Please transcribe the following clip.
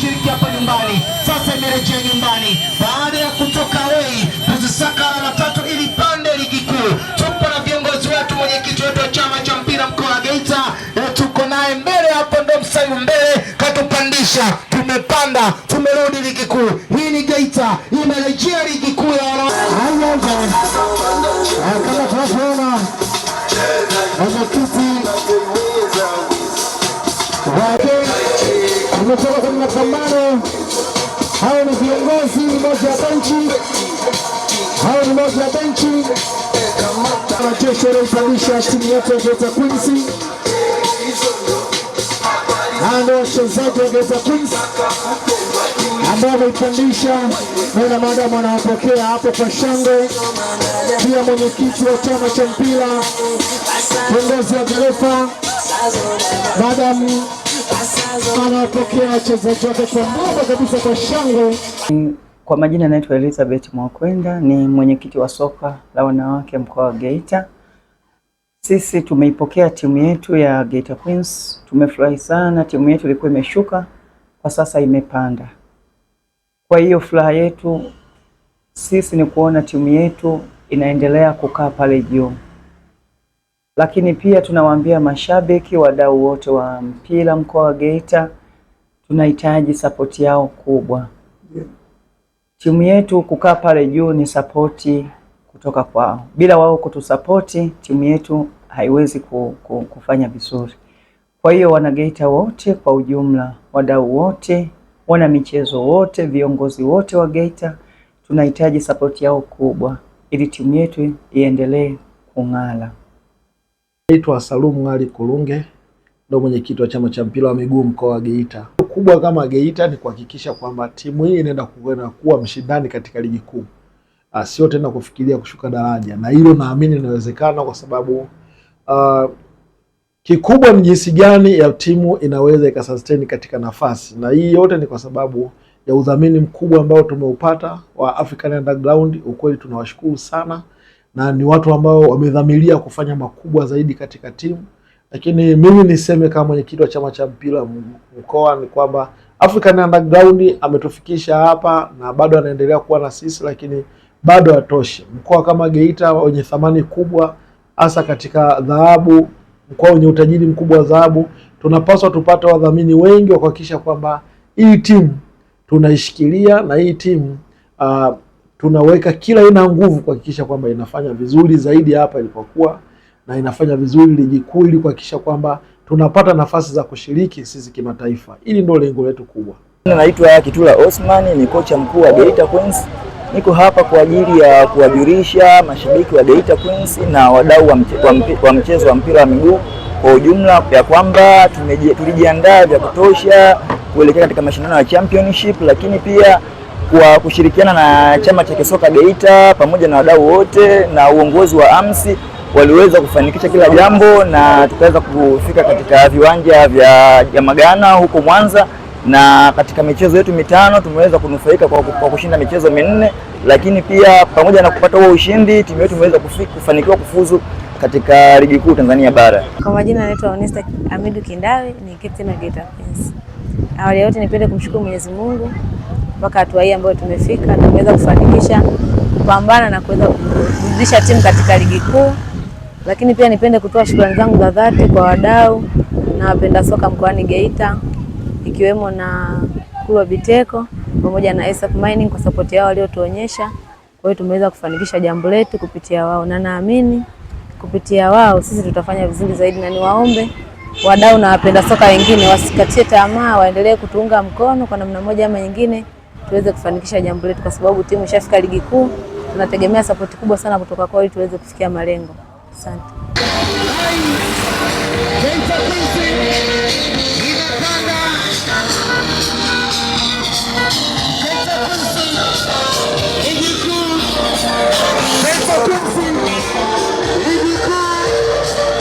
kushiriki hapa nyumbani, sasa imerejea nyumbani baada ya kutoka wei kuzisaka alama tatu ili pande ligi kuu. Tupo na viongozi wetu, mwenyekiti wetu wa chama cha mpira mkoa wa Geita tuko naye mbele hapo, ndo msayu mbele katupandisha, tumepanda tumerudi ligi kuu. Hii ni Geita imerejea ligi kuu ya ah, kama tunavyoona mwenyekiti kutoka kwenye mapambano. Hao ni viongozi, moja ya benchi, hao ni moja ya benchi, wanajeshi wanaoipandisha timu yetu ya Geita Queens. Hao wachezaji wa Geita Queens ambao wameipandisha, na maadamu wanawapokea hapo kwa shangwe. Pia mwenyekiti wa chama cha mpira, kiongozi wa taifa, madam kwa Kwa majina naitwa Elizabeth Mwakwenda, ni mwenyekiti wa soka la wanawake mkoa wa Geita. Sisi tumeipokea timu yetu ya Geita Queens, tumefurahi sana. Timu yetu ilikuwa imeshuka, kwa sasa imepanda. Kwa hiyo furaha yetu sisi ni kuona timu yetu inaendelea kukaa pale juu. Lakini pia tunawaambia mashabiki, wadau wote wa mpira mkoa wa Geita, tunahitaji sapoti yao kubwa. Timu yetu kukaa pale juu ni sapoti kutoka kwao. Bila wao kutusapoti, timu yetu haiwezi kufanya vizuri. Kwa hiyo wanageita wote kwa ujumla, wadau wote, wana michezo wote, viongozi wote wa Geita, tunahitaji sapoti yao kubwa ili timu yetu iendelee kung'ala. Naitwa Salum Ali Kulunge, ndo mwenyekiti wa chama cha mpira wa miguu mkoa wa Geita. Kubwa kama Geita ni kuhakikisha kwamba timu hii inaenda kuwa mshindani katika ligi kuu, ah, sio tena kufikiria kushuka daraja, na hilo naamini linawezekana kwa sababu uh, kikubwa ni jinsi gani ya timu inaweza ikasustain katika nafasi, na hii yote ni kwa sababu ya udhamini mkubwa ambao tumeupata wa African Underground. Ukweli tunawashukuru sana na ni watu ambao wamedhamiria kufanya makubwa zaidi katika timu. Lakini mimi niseme kama mwenyekiti wa chama cha mpira mkoa ni kwamba African Underground ametufikisha hapa na bado anaendelea kuwa na sisi, lakini bado hatoshi. Mkoa kama Geita wenye thamani kubwa hasa katika dhahabu, mkoa wenye utajiri mkubwa wa dhahabu, tunapaswa tupate wadhamini wengi wa kuhakikisha kwamba hii timu tunaishikilia na hii timu uh, tunaweka kila aina nguvu kuhakikisha kwamba inafanya vizuri zaidi hapa ilipokuwa na inafanya vizuri ligi kuu ili kuhakikisha kwamba tunapata nafasi za kushiriki sisi kimataifa. Hili ndio lengo letu kubwa. Naitwa Kitula Osman, ni kocha mkuu wa Geita Queens. Niko hapa kwa ajili ya kuwajulisha mashabiki wa Geita Queens na wadau wa, mche, wa, mpe, wa mchezo wa mpira wa miguu kwa ujumla ya kwamba tulijiandaa vya kutosha kuelekea katika mashindano ya championship, lakini pia kwa kushirikiana na chama cha kisoka Geita pamoja na wadau wote na uongozi wa AMSI waliweza kufanikisha kila jambo na tukaweza kufika katika viwanja vya Jamagana huko Mwanza, na katika michezo yetu mitano tumeweza kunufaika kwa, kwa kushinda michezo minne, lakini pia pamoja na kupata huo ushindi timu yetu imeweza kufanikiwa kufuzu katika ligi kuu Tanzania bara. Kwa majina anaitwa Onesta Amidu Kindawe, ni captain wa Geita Queens. Awali yote nipende kumshukuru Mwenyezi Mungu mpaka hatua hii ambayo tumefika na kuweza kufanikisha kupambana na kuweza kurudisha timu katika ligi kuu, lakini pia nipende kutoa shukrani zangu za dhati kwa wadau na wapenda soka mkoani Geita ikiwemo na Kulwa Biteko pamoja na ASAP Mining kwa sapoti yao waliotuonyesha. Kwa hiyo tumeweza kufanikisha jambo letu kupitia wao, na naamini kupitia wao sisi tutafanya vizuri zaidi, na niwaombe wadau na wapenda soka wengine wasikatie tamaa, waendelee kutuunga mkono kwa namna moja ama nyingine, tuweze kufanikisha jambo letu, kwa sababu timu ishafika ligi kuu. Tunategemea sapoti kubwa sana kutoka kwao ili tuweze kufikia malengo. Asante.